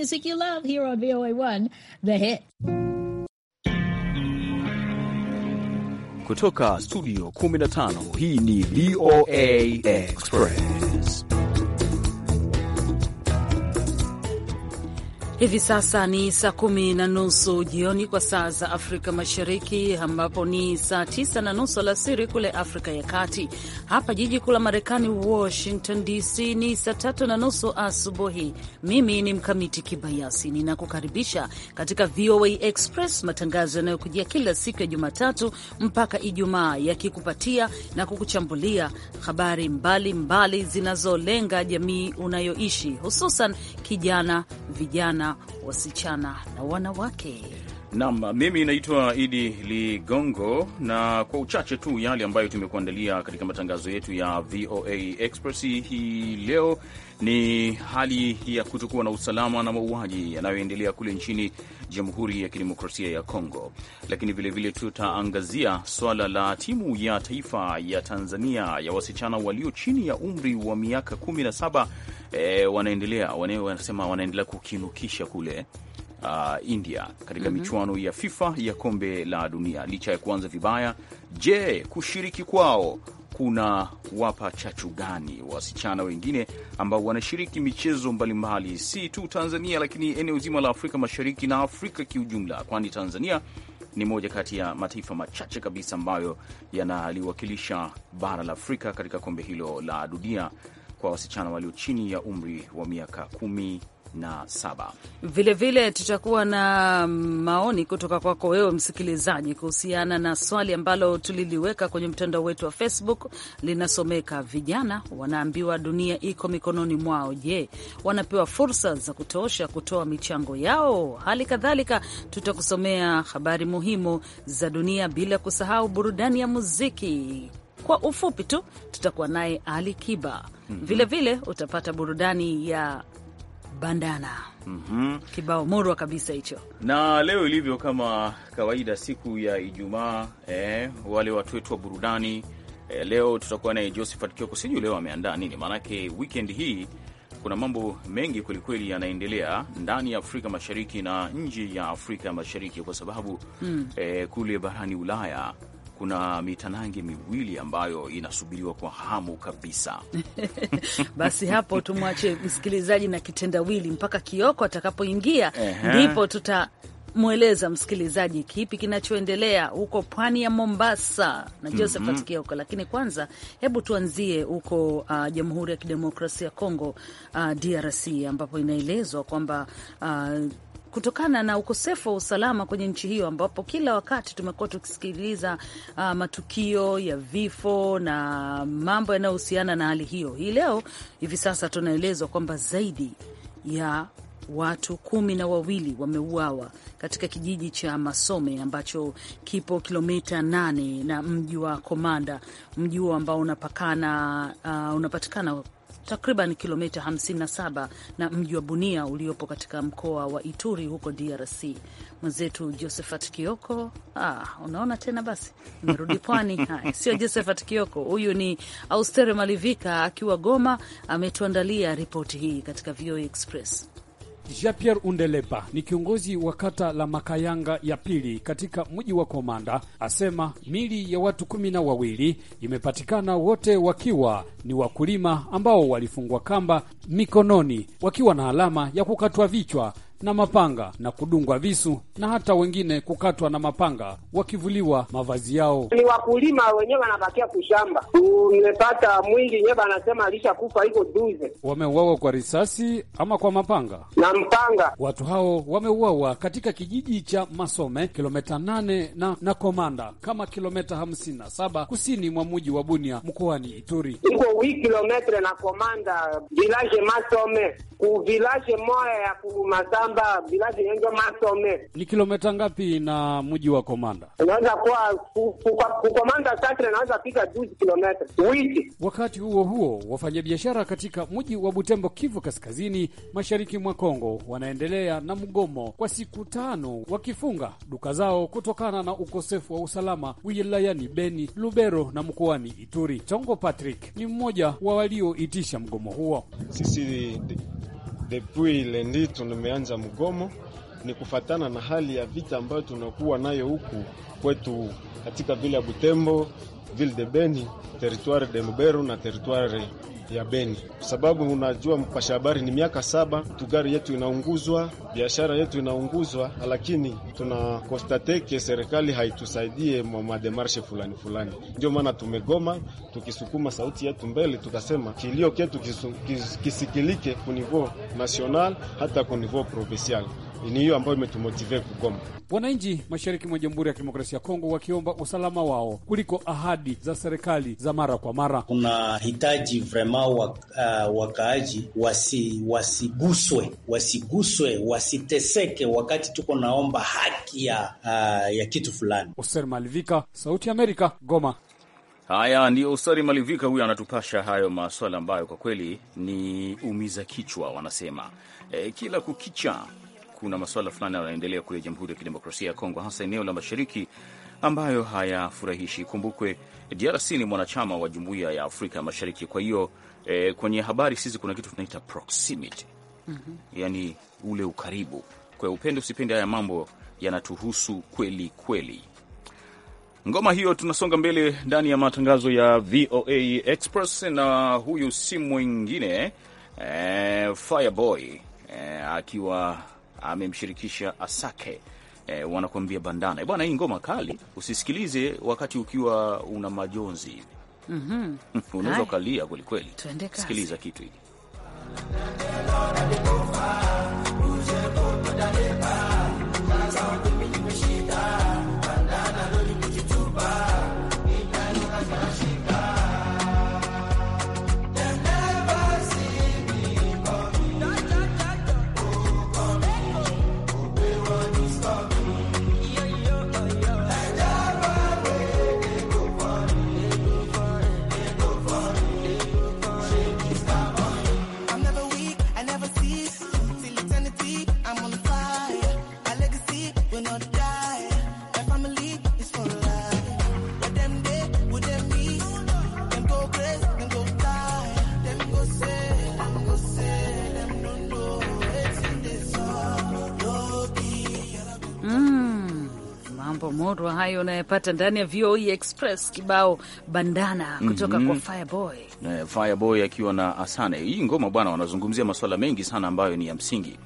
music you love here on VOA1 The Hit. Kutoka studio 15 hii ni VOA Express. Hivi sasa ni saa kumi na nusu jioni kwa saa za Afrika Mashariki, ambapo ni saa tisa na nusu alasiri kule Afrika ya Kati. Hapa jiji kuu la Marekani, Washington DC, ni saa tatu na nusu asubuhi. Mimi ni Mkamiti Kibayasi, ninakukaribisha katika VOA Express, matangazo yanayokujia kila siku ya Jumatatu mpaka Ijumaa, yakikupatia na kukuchambulia habari mbalimbali zinazolenga jamii unayoishi, hususan kijana, vijana wasichana na wanawake nam mimi naitwa Idi Ligongo, na kwa uchache tu yale ambayo tumekuandalia katika matangazo yetu ya VOA Express hii leo ni hali ya kutokuwa na usalama na mauaji yanayoendelea kule nchini Jamhuri ya Kidemokrasia ya Kongo, lakini vilevile tutaangazia swala la timu ya taifa ya Tanzania ya wasichana walio chini ya umri wa miaka 17 e, eh, wanaendelea wanasema wanaendelea kukinukisha kule uh, India katika mm -hmm. michuano ya FIFA ya kombe la dunia licha ya kuanza vibaya. Je, kushiriki kwao kuna wapa chachu gani wasichana wengine ambao wanashiriki michezo mbalimbali, si tu Tanzania, lakini eneo zima la Afrika Mashariki na Afrika kiujumla, kwani Tanzania ni moja kati ya mataifa machache kabisa ambayo yanaliwakilisha bara la Afrika katika kombe hilo la dunia kwa wasichana walio chini ya umri wa miaka kumi na saba. Vilevile tutakuwa na maoni kutoka kwako wewe msikilizaji kuhusiana na swali ambalo tuliliweka kwenye mtandao wetu wa Facebook. Linasomeka, vijana wanaambiwa dunia iko mikononi mwao. Je, wanapewa fursa za kutosha kutoa michango yao? Hali kadhalika tutakusomea habari muhimu za dunia, bila kusahau burudani ya muziki. Kwa ufupi tu tutakuwa naye Ali Kiba. Vilevile mhm. mm -hmm. vile, utapata burudani ya bandana mm -hmm. Kibao morwa kabisa hicho. Na leo ilivyo kama kawaida, siku ya Ijumaa eh, wale watu wetu wa burudani eh, leo tutakuwa naye Josephat Kioko. Sijui leo ameandaa nini, maanake wikend hii kuna mambo mengi kwelikweli yanaendelea ndani ya Afrika Mashariki na nje ya Afrika Mashariki, kwa sababu mm. eh, kule barani Ulaya kuna mitanange miwili ambayo inasubiriwa kwa hamu kabisa. Basi hapo tumwache msikilizaji na kitendawili mpaka Kioko atakapoingia, ndipo tutamweleza msikilizaji kipi kinachoendelea huko pwani ya Mombasa na Josephat mm -hmm. Kioko. Lakini kwanza hebu tuanzie huko uh, Jamhuri ya Kidemokrasia ya Kongo uh, DRC ambapo inaelezwa kwamba uh, kutokana na ukosefu wa usalama kwenye nchi hiyo, ambapo kila wakati tumekuwa tukisikiliza uh, matukio ya vifo na mambo yanayohusiana na hali hiyo. Hii leo hivi sasa tunaelezwa kwamba zaidi ya watu kumi na wawili wameuawa katika kijiji cha Masome ambacho kipo kilomita nane na mji wa Komanda, mji huo ambao unapakana uh, unapatikana takriban kilomita 57 na mji wa Bunia uliopo katika mkoa wa Ituri huko DRC. Mwenzetu Josephat Kioko. Ah, unaona tena basi merudi pwani. Haya, sio Josephat Kioko, huyu ni Austere Malivika akiwa Goma, ametuandalia ripoti hii katika VOA Express. Jean Pierre Undelepa ni kiongozi wa kata la Makayanga ya pili katika mji wa Komanda, asema mili ya watu kumi na wawili imepatikana, wote wakiwa ni wakulima ambao walifungwa kamba mikononi wakiwa na alama ya kukatwa vichwa na mapanga na kudungwa visu na hata wengine kukatwa na mapanga wakivuliwa mavazi yao. Ni wakulima wenyewe wanabakia kushamba, umepata mwingi nyewe anasema alishakufa iko duze. Wameuawa kwa risasi ama kwa mapanga na mpanga. Watu hao wameuawa katika kijiji cha Masome, kilometa nane na na Komanda, kama kilometa hamsini na saba kusini mwa muji wa Bunia mkoani Ituri, iko wi kilometre na Komanda vilaje Masome kuvilaje moya ya kumasama kwamba vilazi yenge masome. Ni kilomita ngapi na mji wa Komanda? Inaweza kuwa kukomanda sasa, inaweza pika juzi kilomita wiki. Wakati huo huo, wafanyabiashara katika mji wa Butembo, Kivu Kaskazini, mashariki mwa Kongo, wanaendelea na mgomo kwa siku tano, wakifunga duka zao kutokana na ukosefu wa usalama wilayani Beni, Lubero na mkoani Ituri. Tongo Patrick ni mmoja wa walioitisha mgomo huo. Sisi depuis lendi tumeanza mgomo, ni kufatana na hali ya vita ambayo tunakuwa nayo huku kwetu katika vile ya Butembo Ville de Beni, territoire de Mberu na territoire ya Beni, kwa sababu unajua mpasha habari ni miaka saba tugari yetu inaunguzwa, biashara yetu inaunguzwa, lakini tuna tunakostateke serikali haitusaidie mademarshe fulani fulani. Ndio maana tumegoma, tukisukuma sauti yetu mbele, tukasema kilio ketu kisikilike kunivo national hata kunivo provincial ni hiyo ambayo imetumotive kugoma. Wananchi mashariki mwa Jamhuri ya Kidemokrasia ya Kongo wakiomba usalama wao kuliko ahadi za serikali za mara kwa mara. hitaji vrema wak, uh, wakaaji wasi, wasiguswe wasiguswe wasiteseke, wakati tuko naomba haki ya, uh, ya kitu fulani. Oser Malivika, Sauti ya Amerika, Goma. Haya ndio Ustari Malivika huyo anatupasha hayo maswala ambayo kwa kweli ni umiza kichwa, wanasema e, kila kukicha kuna masuala fulani yanaendelea kule Jamhuri ya Kidemokrasia ya Kongo, hasa eneo la mashariki ambayo hayafurahishi. Kumbukwe DRC ni mwanachama wa Jumuiya ya Afrika Mashariki. Kwa hiyo eh, kwenye habari sisi kuna kitu tunaita proximity mm -hmm. Yani ule ukaribu, kwa upende usipende, haya mambo yanatuhusu kweli kweli. Ngoma hiyo, tunasonga mbele ndani ya matangazo ya VOA Express, na huyu si mwingine eh, Fireboy eh, akiwa amemshirikisha Asake. E, wanakuambia bandana bwana, hii ngoma kali, usisikilize wakati ukiwa una majonzi hivi. mm -hmm. unaweza ukalia kwelikweli. Sikiliza kitu hiki Komoro. Hayo unayepata ndani ya voe Express, kibao bandana mhm. kutoka mm -hmm. kwa Fireboy eh, Fireboy akiwa na Asane. Hii ngoma bwana, wanazungumzia masuala mengi sana ambayo ni ya msingi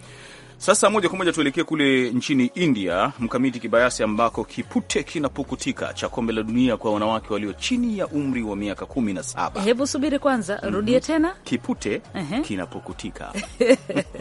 sasa moja kwa moja tuelekee kule nchini India, Mkamiti Kibayasi, ambako kipute kinapukutika cha kombe la dunia kwa wanawake walio chini ya umri wa miaka kumi na saba. Hebu subiri kwanza, mm -hmm. Rudie mhm. tena, kipute uh -huh. kinapukutika.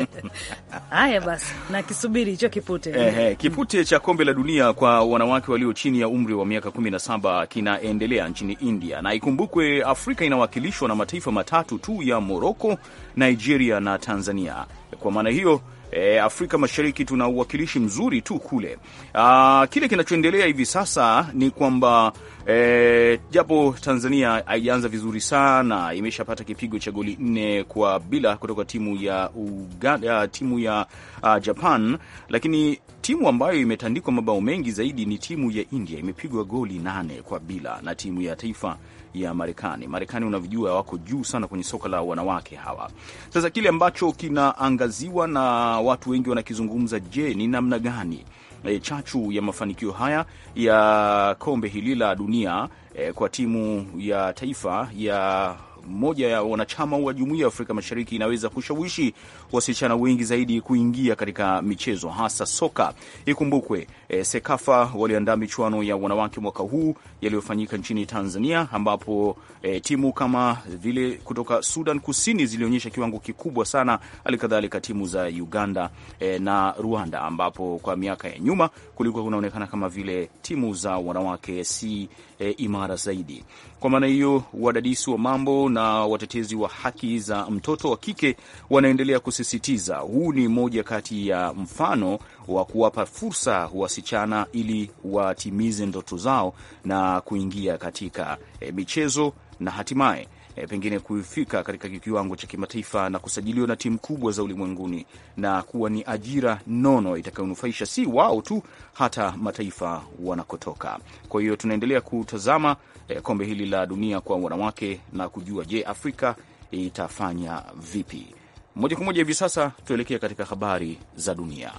Haya basi, na kisubiri hicho kipute eh, kipute cha kombe la dunia kwa wanawake walio chini ya umri wa miaka kumi na saba kinaendelea nchini India, na ikumbukwe Afrika inawakilishwa na mataifa matatu tu ya Moroko, Nigeria na Tanzania. Kwa maana hiyo e, Afrika Mashariki tuna uwakilishi mzuri tu kule. Aa, ah, kile kinachoendelea hivi sasa ni kwamba E, japo Tanzania haijaanza vizuri sana, imeshapata kipigo cha goli nne kwa bila kutoka timu ya Uganda, timu ya uh, Japan, lakini timu ambayo imetandikwa mabao mengi zaidi ni timu ya India, imepigwa goli nane kwa bila na timu ya taifa ya Marekani. Marekani unavyojua wako juu sana kwenye soka la wanawake hawa. Sasa kile ambacho kinaangaziwa na watu wengi wanakizungumza, je, ni namna gani e, chachu ya mafanikio haya ya kombe hili la dunia e, kwa timu ya taifa ya moja ya wanachama wa Jumuiya ya Afrika Mashariki inaweza kushawishi wasichana wengi zaidi kuingia katika michezo hasa soka. Ikumbukwe e, Sekafa waliandaa michuano ya wanawake mwaka huu yaliyofanyika nchini Tanzania, ambapo e, timu kama vile kutoka Sudan Kusini zilionyesha kiwango kikubwa sana, halikadhalika timu za Uganda e, na Rwanda, ambapo kwa miaka ya nyuma kulikuwa kunaonekana kama vile timu za wanawake si e, imara zaidi. Kwa maana hiyo, wadadisi wa mambo na watetezi wa haki za mtoto wa kike wanaendelea kusisitiza huu ni moja kati ya mfano wa kuwapa fursa wasichana ili watimize ndoto zao na kuingia katika e, michezo na hatimaye E, pengine kufika katika kiwango cha kimataifa na kusajiliwa na timu kubwa za ulimwenguni na kuwa ni ajira nono itakayonufaisha si wao tu, hata mataifa wanakotoka. Kwa hiyo tunaendelea kutazama eh, kombe hili la dunia kwa wanawake na kujua je, Afrika itafanya vipi. Moja kwa moja hivi sasa tuelekee katika habari za dunia.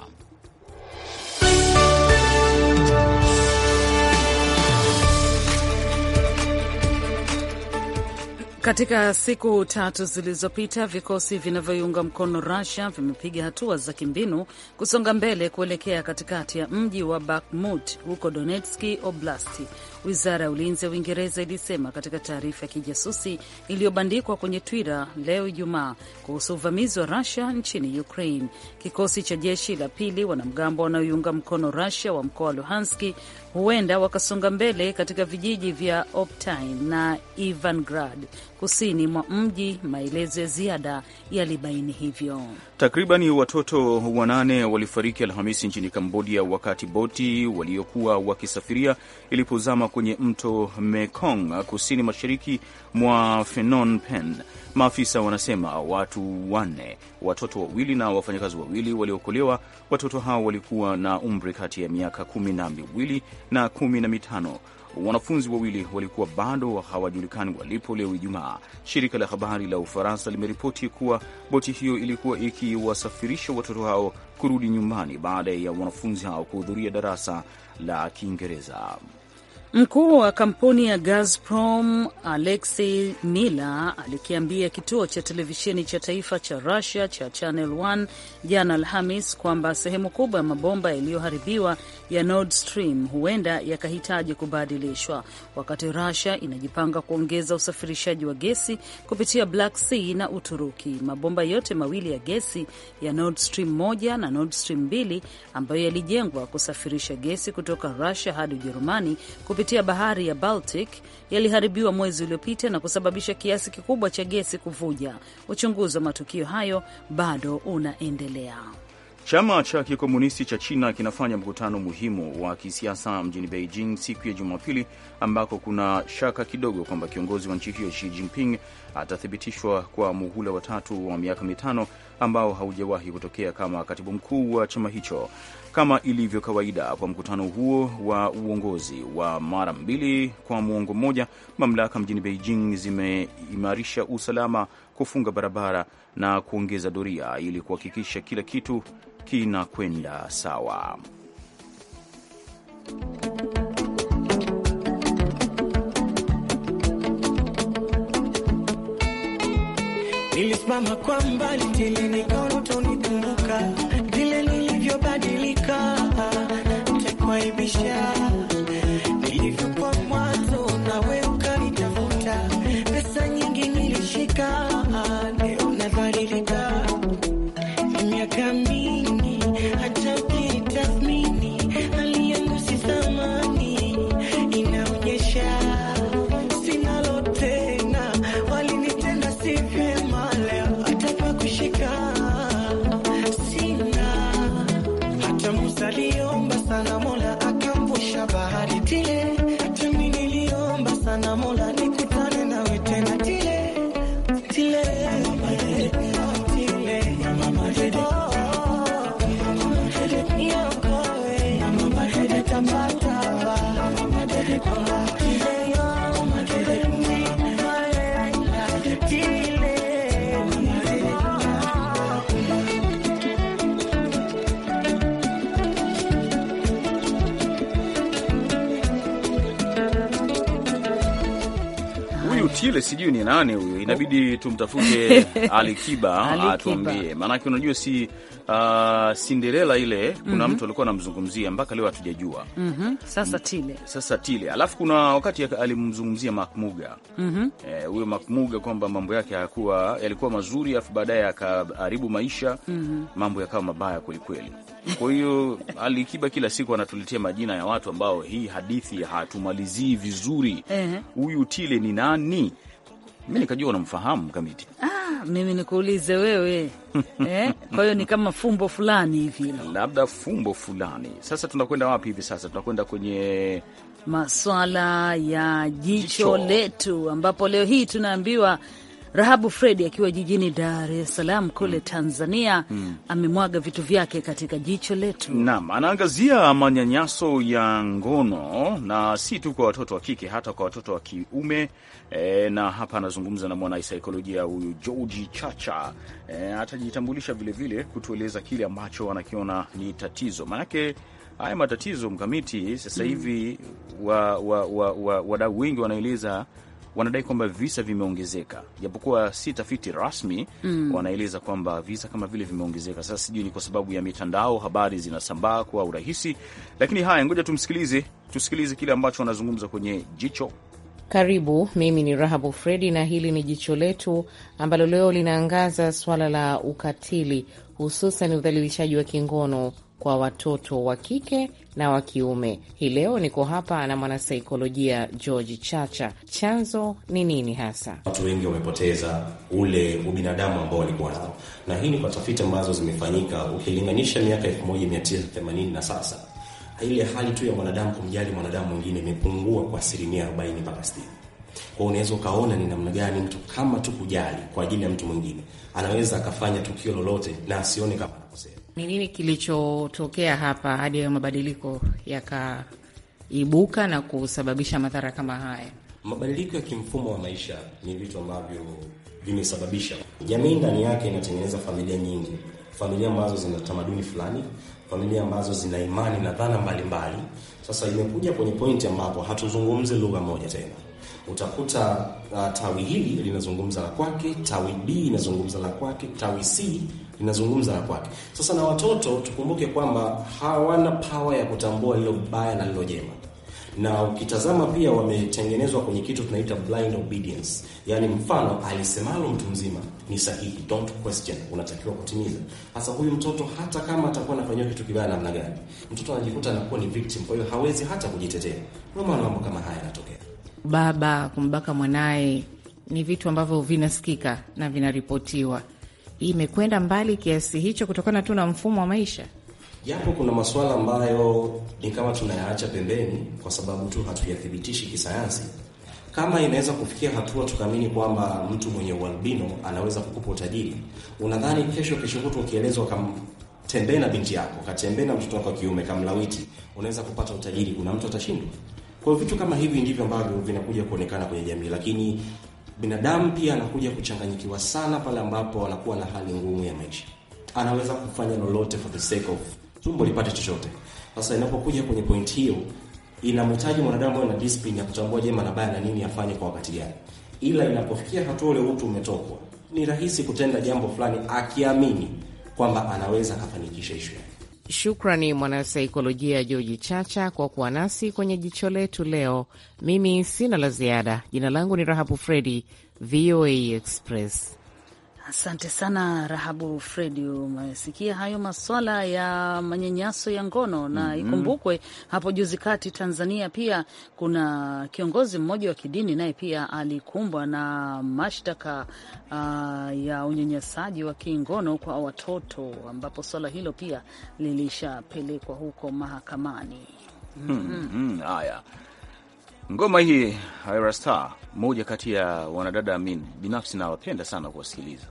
Katika siku tatu zilizopita vikosi vinavyoiunga mkono Russia vimepiga hatua za kimbinu kusonga mbele kuelekea katikati ya mji wa Bakhmut huko Donetski Oblasti, wizara ya ulinzi ya Uingereza ilisema katika taarifa ya kijasusi iliyobandikwa kwenye Twitter leo Ijumaa kuhusu uvamizi wa Russia nchini Ukraine. Kikosi cha jeshi la pili wanamgambo wanaoiunga mkono Russia wa mkoa wa Luhanski huenda wakasonga mbele katika vijiji vya optin na Ivangrad kusini mwa mji. Maelezo ya ziada yalibaini hivyo. Takribani watoto wanane walifariki Alhamisi nchini Kambodia wakati boti waliokuwa wakisafiria ilipozama kwenye mto Mekong kusini mashariki mwa Phnom Penh. Maafisa wanasema watu wanne, watoto wawili na wafanyakazi wawili waliokolewa. Watoto hao walikuwa na umri kati ya miaka kumi na miwili na kumi na mitano. Wanafunzi wawili walikuwa bado hawajulikani walipo leo Ijumaa. Shirika la habari la Ufaransa limeripoti kuwa boti hiyo ilikuwa ikiwasafirisha watoto hao kurudi nyumbani baada ya wanafunzi hao kuhudhuria darasa la Kiingereza. Mkuu wa kampuni ya Gazprom Alexei Miller alikiambia kituo cha televisheni cha taifa cha Russia cha Channel 1 jana Alhamis kwamba sehemu kubwa ya mabomba yaliyoharibiwa ya Nord Stream huenda yakahitaji kubadilishwa, wakati Russia inajipanga kuongeza usafirishaji wa gesi kupitia Black Sea na Uturuki. Mabomba yote mawili ya gesi ya Nord Stream 1 na Nord Stream 2 ambayo yalijengwa kusafirisha gesi kutoka Russia hadi Ujerumani kupitia bahari ya Baltic yaliharibiwa mwezi uliopita na kusababisha kiasi kikubwa cha gesi kuvuja. Uchunguzi wa matukio hayo bado unaendelea. Chama cha kikomunisti cha China kinafanya mkutano muhimu wa kisiasa mjini Beijing siku ya Jumapili, ambako kuna shaka kidogo kwamba kiongozi wa nchi hiyo Xi Jinping atathibitishwa kwa muhula watatu wa miaka mitano ambao haujawahi kutokea kama katibu mkuu wa chama hicho. Kama ilivyo kawaida kwa mkutano huo wa uongozi wa mara mbili kwa muongo mmoja, mamlaka mjini Beijing zimeimarisha usalama, kufunga barabara na kuongeza doria ili kuhakikisha kila kitu kinakwenda sawa. Nilisimama kwa mbali tili, nikaona utanikumbuka vile nilivyobadilika, nitakuaibisha nilivyokuwa mwanzo, na wewe ukanitafuta. Pesa nyingi nilishika, leo nadhani Kile sijui ni nani huyo, oh. inabidi tumtafute Alikiba atuambie, maanake unajua si Ah, Cinderella ile kuna mm -hmm. mtu alikuwa anamzungumzia mpaka leo hatujajua mm -hmm. Sasa Tile, sasa Tile, alafu kuna wakati alimzungumzia Makmuga mhm. eh, huyo mm -hmm. e, Makmuga kwamba mambo yake hayakuwa yalikuwa mazuri, alafu baadaye akaharibu maisha mm -hmm. mambo yakawa mabaya kwelikweli. Kwa hiyo Alikiba kila siku anatuletea majina ya watu ambao hii hadithi hatumalizii vizuri. Huyu Tile ni nani? Mi nikajua unamfahamu Kamiti. Ah, mimi nikuulize wewe eh? Kwa hiyo ni kama fumbo fulani hivi, labda fumbo fulani. Sasa tunakwenda wapi hivi sasa? Tunakwenda kwenye maswala ya jicho, jicho letu ambapo leo hii tunaambiwa Rahabu Fredi akiwa jijini Dar es Salaam kule mm. Tanzania mm. amemwaga vitu vyake katika jicho letu. Naam, anaangazia manyanyaso ya ngono na si tu kwa watoto wa kike, hata kwa watoto wa kiume e, na hapa anazungumza na mwanasaikolojia huyu Georgi Chacha e, atajitambulisha vilevile kutueleza kile ambacho anakiona ni tatizo, manake haya matatizo mkamiti sasa mm. hivi mm. wadau wa, wa, wa, wa wengi wanaeleza wanadai kwamba visa vimeongezeka, japokuwa si tafiti rasmi mm. Wanaeleza kwamba visa kama vile vimeongezeka. Sasa sijui ni kwa sababu ya mitandao, habari zinasambaa kwa urahisi, lakini haya, ngoja tumsikilize, tusikilize kile ambacho wanazungumza kwenye jicho karibu. Mimi ni Rahabu Fredi na hili ni jicho letu ambalo leo linaangaza swala la ukatili, hususan udhalilishaji wa kingono kwa watoto wa kike na wa kiume. Hii leo niko hapa na mwanasaikolojia George Chacha. Chanzo ni nini hasa? Watu wengi wamepoteza ule ubinadamu ambao walikuwa nao, na hii ni kwa tafiti ambazo zimefanyika. Ukilinganisha miaka 1980 na sasa, ile hali tu ya mwanadamu kumjali mwanadamu mwingine imepungua kwa asilimia 40 mpaka 60. Kwa unaweza ukaona ni namna gani mtu kama tu kujali kwa ajili ya mtu mwingine anaweza akafanya tukio lolote na asione kama anakosea. Ni nini kilichotokea hapa hadi hayo mabadiliko yakaibuka na kusababisha madhara kama haya? Mabadiliko ya kimfumo wa maisha ni vitu ambavyo vimesababisha jamii ndani yake inatengeneza familia nyingi, familia ambazo zina tamaduni fulani, familia ambazo zina imani na dhana mbalimbali. Sasa imekuja kwenye pointi ambapo hatuzungumzi lugha moja tena. Utakuta uh, tawi hili linazungumza la kwake, tawi B inazungumza la kwake, tawi C linazungumza na kwake. Sasa na watoto tukumbuke kwamba hawana pawa ya kutambua lilo baya na lilo jema, na ukitazama pia wametengenezwa kwenye kitu tunaita blind obedience, yaani mfano alisemalo mtu mzima ni sahihi, don't question, unatakiwa kutimiza. Sasa huyu mtoto hata kama atakuwa anafanyiwa kitu kibaya namna gani, mtoto anajikuta anakuwa ni victim, kwa hiyo hawezi hata kujitetea. Ndio maana mambo kama haya yanatokea. Baba kumbaka mwanaye ni vitu ambavyo vinasikika na vinaripotiwa imekwenda mbali kiasi hicho kutokana tu na mfumo wa maisha, japo kuna masuala ambayo ni kama tunayaacha pembeni kwa sababu tu hatuyathibitishi kisayansi kama inaweza kufikia hatua tukaamini kwamba mtu mwenye ualbino anaweza kukupa utajiri, unadhani kesho kesho kutu ukielezwa kamtembee na binti yako, katembee na mtoto wako wa kiume, kamlawiti, unaweza kupata utajiri, kuna mtu atashindwa? Kwa hiyo vitu kama hivi ndivyo ambavyo vinakuja kuonekana kwenye jamii, lakini Binadamu pia anakuja kuchanganyikiwa sana pale ambapo anakuwa na hali ngumu ya maisha, anaweza kufanya lolote for the sake of tumbo lipate chochote. Sasa inapokuja kwenye point hiyo, inamhitaji mwanadamu awe na discipline ya kutambua jema na baya na nini afanye kwa wakati gani, ila inapofikia hatua ile utu umetokwa, ni rahisi kutenda jambo fulani akiamini kwamba anaweza akafanikisha ishu yake. Shukrani mwanasaikolojia Georgi Chacha kwa kuwa nasi kwenye jicho letu leo. Mimi sina la ziada. Jina langu ni Rahabu Fredi, VOA Express. Asante sana Rahabu Fredi, umesikia hayo maswala ya manyanyaso ya ngono na mm -hmm. Ikumbukwe hapo juzi kati Tanzania pia kuna kiongozi mmoja wa kidini naye pia alikumbwa na mashtaka uh, ya unyanyasaji wa kingono kwa watoto, ambapo swala hilo pia lilishapelekwa huko mahakamani. mm -hmm. Haya, Ngoma hii Ayra Star, moja kati ya wanadada, amin binafsi nawapenda sana kuwasikiliza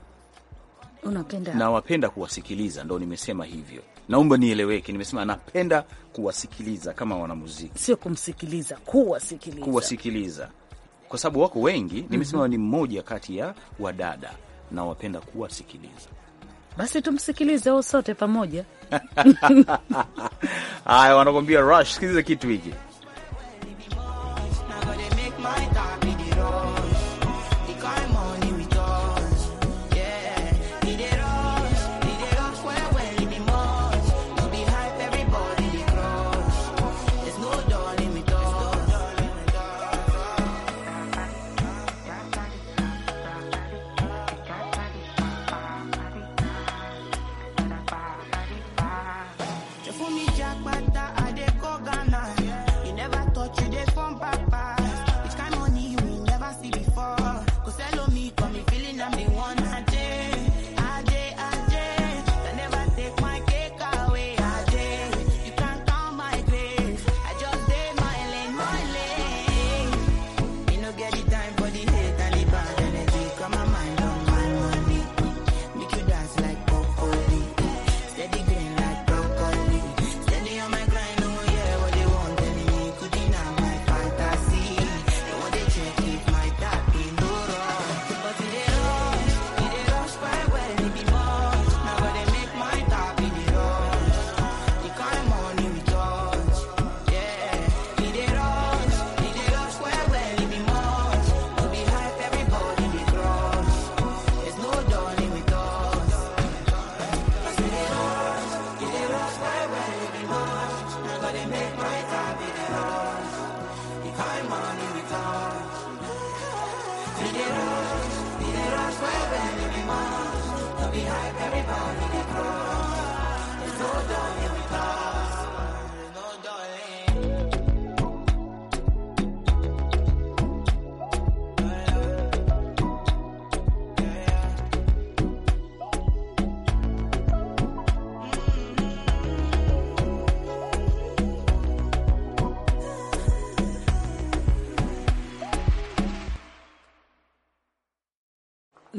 Unapenda. Na wapenda kuwasikiliza, ndo nimesema hivyo. Naomba nieleweke, nimesema napenda kuwasikiliza kama wanamuziki, sio kumsikiliza, kuwasikiliza, kuwasikiliza kwa sababu wako wengi. Mhm. Nimesema mm -hmm. ni mmoja kati ya wadada na wapenda kuwasikiliza. Basi tumsikilize wao sote pamoja. Haya, wanakwambia rush, sikiliza kitu hiki.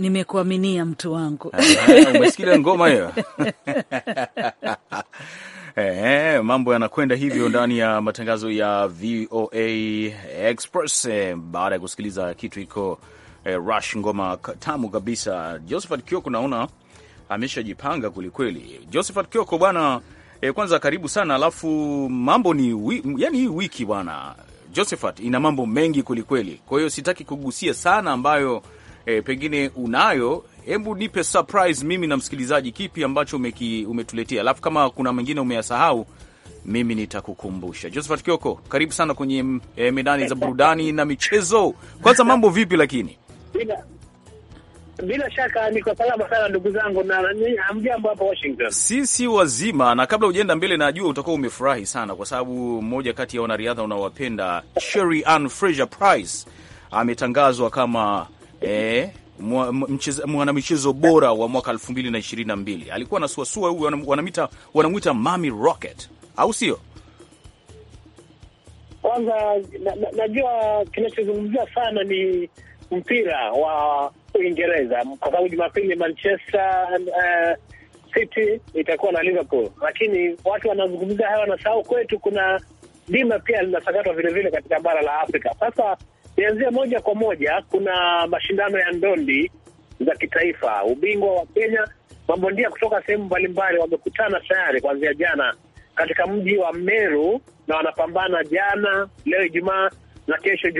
nimekuaminia mtu wangu. Ah, umesikia ngoma hiyo? Ehe, mambo yanakwenda hivyo ndani ya matangazo ya VOA Express E, baada ya kusikiliza kitu iko e, rush ngoma tamu kabisa. Josephat Kioko naona ameshajipanga kwelikweli. Josephat Kioko bwana, e, kwanza karibu sana, alafu mambo ni wi, yani hii wiki bwana Josephat ina mambo mengi kwelikweli, kwa hiyo sitaki kugusia sana ambayo e, pengine unayo, hebu nipe surprise mimi na msikilizaji, kipi ambacho umeki, umetuletea, alafu kama kuna mengine umeyasahau mimi nitakukumbusha. Josephat Kioko, karibu sana kwenye e, medani za burudani na michezo. Kwanza mambo vipi? Lakini bila, bila shaka niko salama sana ndugu zangu, na hamjambo hapa Washington, sisi wazima. Na kabla ujaenda mbele, najua utakuwa umefurahi sana kwa sababu mmoja kati ya wanariadha unaowapenda Sherry Ann Fraser Price ametangazwa kama eh, mwanamichezo bora wa mwaka 2022 alikuwa anasuasua huyu, wanamwita wanamwita Mami Rocket, au sio? Kwanza najua na, na, sana ni mpira wa Uingereza kwa sababu Jumapili Manchester uh, City itakuwa na Liverpool, lakini watu wanazungumzia haya wanasahau kwetu kuna bima pia linasakatwa vilevile katika bara la Afrika. Sasa Nianzie moja kwa moja, kuna mashindano ya ndondi za kitaifa, ubingwa wa Kenya. Mabondia kutoka sehemu mbalimbali wamekutana tayari kuanzia jana katika mji wa Meru na wanapambana jana, leo Ijumaa na kesho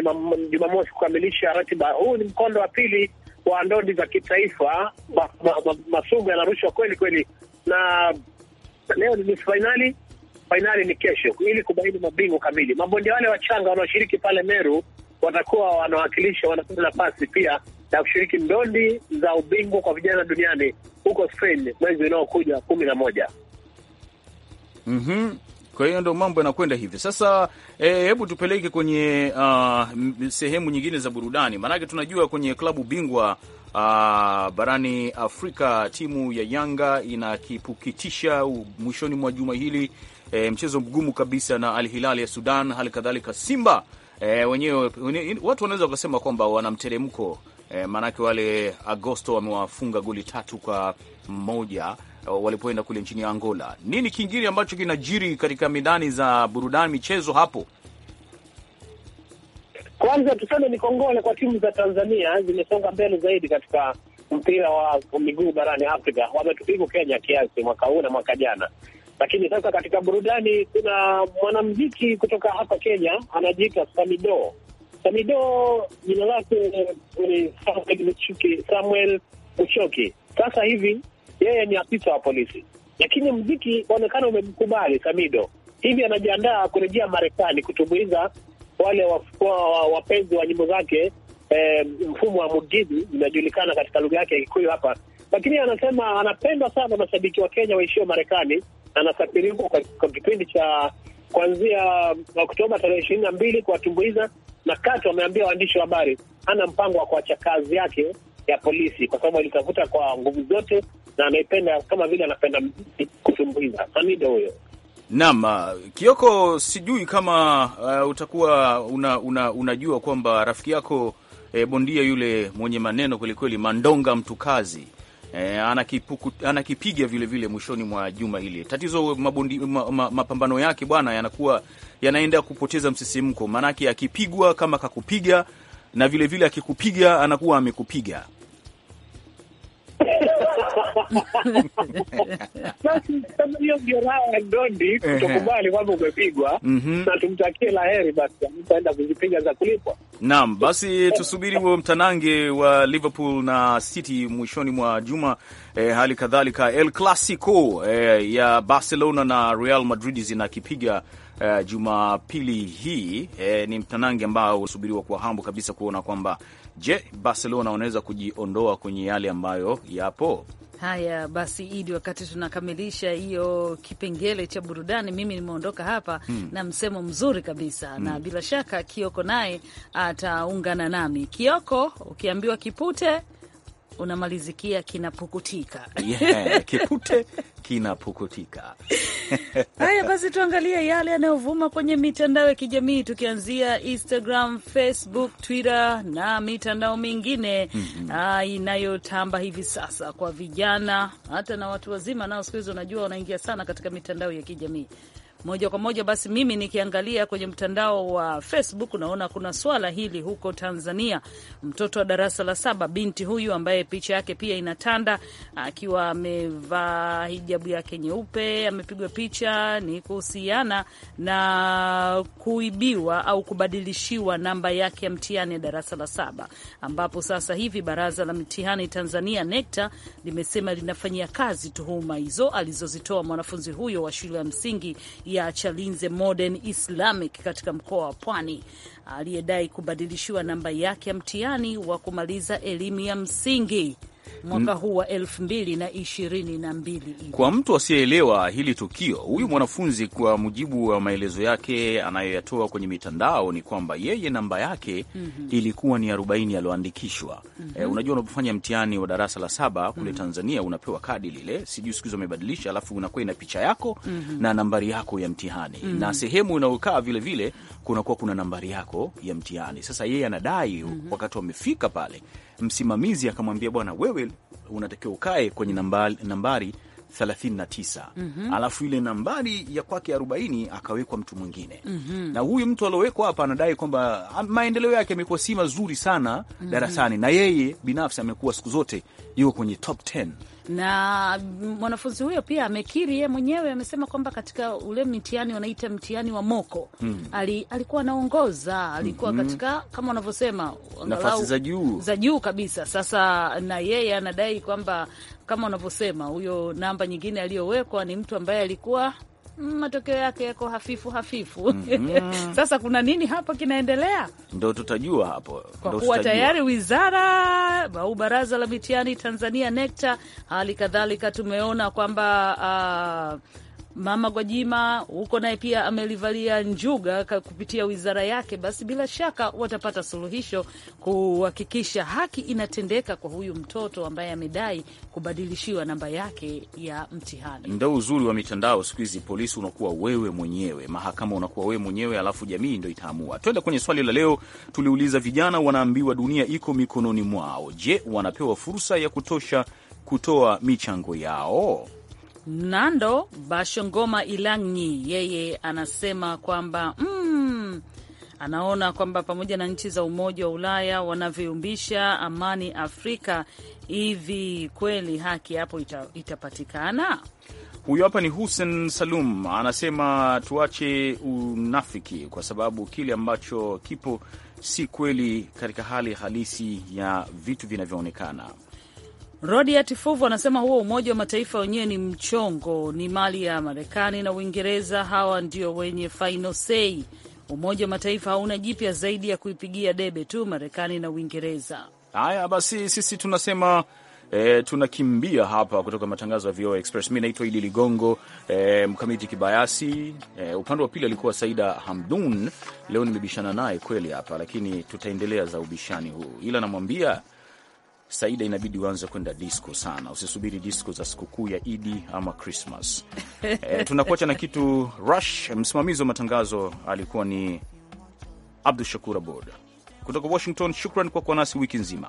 Jumamosi kukamilisha ratiba. Huu ni mkondo wa pili wa ndondi za kitaifa. ma, ma, ma, masugu yanarushwa kweli kweli, na leo ni fainali, fainali ni kesho, ili kubaini mabingwa kamili. Mabondia wale wachanga wanaoshiriki pale Meru watakuwa wanawakilisha, wanapata nafasi pia ya kushiriki ndondi za ubingwa kwa vijana duniani huko Spain mwezi unaokuja kumi na moja. mm -hmm. Kwa hiyo ndo mambo yanakwenda hivi sasa. Eh, hebu e, tupeleke kwenye uh, sehemu nyingine za burudani, maanake tunajua kwenye klabu bingwa Uh, barani Afrika timu ya Yanga inakipukitisha mwishoni mwa juma hili e, mchezo mgumu kabisa na Al Hilal ya Sudan, hali kadhalika Simba e, wenyewe watu wanaweza wakasema kwamba wana mteremko e, maanake wale Agosto wamewafunga goli tatu kwa moja eh, walipoenda kule nchini Angola. Nini kingine ambacho kinajiri katika midani za burudani michezo hapo? Kwanza tuseme ni kongole kwa timu za Tanzania zimesonga mbele zaidi katika mpira wa miguu barani Afrika. Wametupigwa Kenya kiasi mwaka huu na mwaka jana, lakini sasa katika burudani, kuna mwanamziki kutoka hapa Kenya anajiita Samido. Samido jina lake ni Samuel Muchoki. Sasa hivi yeye ni afisa wa polisi, lakini mziki waonekana umemkubali Samido, hivi anajiandaa kurejea Marekani kutumbuiza wale wapenzi wa, wa, wa nyimbo zake eh, mfumo wa mugidi inajulikana katika lugha yake ya Kikuyu hapa, lakini anasema anapendwa sana mashabiki wa Kenya waishio Marekani anasafiri huko kwa, kwa kipindi cha kuanzia Oktoba tarehe ishirini na mbili kuwatumbuiza na kati. ameambia waandishi wa habari hana mpango wa kuacha kazi yake ya polisi kwa sababu alitafuta kwa nguvu zote na anaipenda kama vile anapenda kutumbuiza. Samido huyo. Naam, uh, Kioko, sijui kama uh, utakuwa una, una, unajua kwamba rafiki yako eh, bondia yule mwenye maneno kwelikweli Mandonga Mtukazi eh, anakipiga vilevile mwishoni mwa juma hili. Tatizo mabundi, ma, ma, mapambano yake bwana yanakuwa yanaenda kupoteza msisimko, maanake akipigwa kama kakupiga na vilevile akikupiga anakuwa amekupiga basi kama hiyo ndio raha ya ndondi kwamba umepigwa, mhm. na tumtakie la heri basi, taenda kuzipiga za kulipwa. Naam, basi tusubiri huo mtanange wa Liverpool na City mwishoni mwa juma. Eh, hali kadhalika El Clasico eh, ya Barcelona na Real Madrid zinakipiga eh, Jumapili hii eh, ni mtanange ambao unasubiriwa kwa hamu kabisa kuona kwamba je, Barcelona wanaweza kujiondoa kwenye yale ambayo yapo Haya basi, Idi, wakati tunakamilisha hiyo kipengele cha burudani, mimi nimeondoka hapa hmm, na msemo mzuri kabisa hmm, na bila shaka Kioko naye ataungana nami. Kioko, ukiambiwa kipute unamalizikia kinapukutika. Yeah, kipute kinapukutika. Haya basi, tuangalie yale yanayovuma kwenye mitandao ya kijamii tukianzia Instagram, Facebook, Twitter na mitandao mingine mm -hmm. inayotamba hivi sasa kwa vijana hata na watu wazima, nao siku hizi unajua wanaingia sana katika mitandao ya kijamii moja kwa moja. Basi mimi nikiangalia kwenye mtandao wa Facebook naona kuna swala hili huko Tanzania. Mtoto wa darasa la saba, binti huyu ambaye picha yake pia inatanda, akiwa amevaa hijabu yake nyeupe, amepigwa picha, ni kuhusiana na kuibiwa au kubadilishiwa namba yake ya mtihani ya darasa la saba, ambapo sasa hivi baraza la mtihani Tanzania NECTA limesema linafanyia kazi tuhuma hizo alizozitoa mwanafunzi huyo wa shule ya msingi ya Chalinze Modern Islamic katika mkoa wa Pwani aliyedai kubadilishiwa namba yake ya mtihani wa kumaliza elimu ya msingi mwaka huu wa elfu mbili na ishirini na mbili. Kwa mtu asiyeelewa hili tukio, huyu mwanafunzi kwa mujibu wa maelezo yake anayoyatoa kwenye mitandao ni kwamba yeye namba yake mm -hmm. ilikuwa ni arobaini aliyoandikishwa mm -hmm. E, eh, unajua unapofanya mtihani wa darasa la saba kule mm -hmm. Tanzania unapewa kadi lile, sijui siku hizi wamebadilisha, alafu unakuwa ina picha yako mm -hmm. na nambari yako ya mtihani mm -hmm. na sehemu unayokaa vilevile kunakuwa kuna nambari yako ya mtihani. Sasa yeye anadai mm -hmm. wakati wamefika pale msimamizi akamwambia, bwana, wewe unatakiwa ukae kwenye nambari, nambari 39. Mm -hmm. Alafu ile nambari ya kwake 40 akawekwa mtu mwingine. Mm -hmm. Na huyu mtu aliowekwa hapa anadai kwamba ah, maendeleo yake amekuwa si mazuri sana. Mm -hmm. Darasani na yeye binafsi amekuwa siku zote yuko kwenye top 10 na mwanafunzi huyo pia amekiri yeye mwenyewe, amesema kwamba katika ule mtihani wanaita mtihani wa moko mm. ali, alikuwa anaongoza alikuwa mm -hmm. katika kama wanavyosema nafasi za juu za juu kabisa. Sasa na yeye anadai kwamba kama wanavyosema huyo namba nyingine aliyowekwa ni mtu ambaye alikuwa Mm, matokeo yake yako hafifu hafifu. mm -hmm. Sasa kuna nini hapa kinaendelea, ndo tutajua hapo, kwa kuwa tayari wizara au baraza la mitihani Tanzania NECTA, hali kadhalika tumeona kwamba uh, Mama Gwajima huko naye pia amelivalia njuga kupitia wizara yake, basi bila shaka watapata suluhisho kuhakikisha haki inatendeka kwa huyu mtoto ambaye amedai kubadilishiwa namba yake ya mtihani. Ndo uzuri wa mitandao siku hizi, polisi unakuwa wewe mwenyewe, mahakama unakuwa wewe mwenyewe, alafu jamii ndo itaamua. Twende kwenye swali la leo. Tuliuliza, vijana wanaambiwa dunia iko mikononi mwao, je, wanapewa fursa ya kutosha kutoa michango yao? Nando Bashongoma Ilangi yeye anasema kwamba mm, anaona kwamba pamoja na nchi za Umoja wa Ulaya wanavyoumbisha amani Afrika, hivi kweli haki hapo ita, itapatikana? Huyo hapa ni Hussein Salum anasema tuache unafiki kwa sababu kile ambacho kipo si kweli katika hali halisi ya vitu vinavyoonekana. Rodiat Fuvu anasema huo Umoja wa Mataifa wenyewe ni mchongo, ni mali ya Marekani na Uingereza. Hawa ndio wenye final say. Umoja wa Mataifa hauna jipya zaidi ya kuipigia debe tu Marekani na Uingereza. Haya basi, sisi tunasema E, tunakimbia hapa kutoka matangazo ya VOA Express. Mi naitwa Idi Ligongo, e, mkamiti kibayasi e, upande wa pili alikuwa Saida Hamdun. Leo nimebishana naye kweli hapa, lakini tutaendelea za ubishani huu, ila namwambia Saida, inabidi uanze kwenda disco sana, usisubiri disco za sikukuu ya Idi ama crismas E, eh, tunakuacha na kitu Rush. Msimamizi wa matangazo alikuwa ni Abdu Shakur Abod kutoka Washington. Shukran kwa kuwa nasi wiki nzima.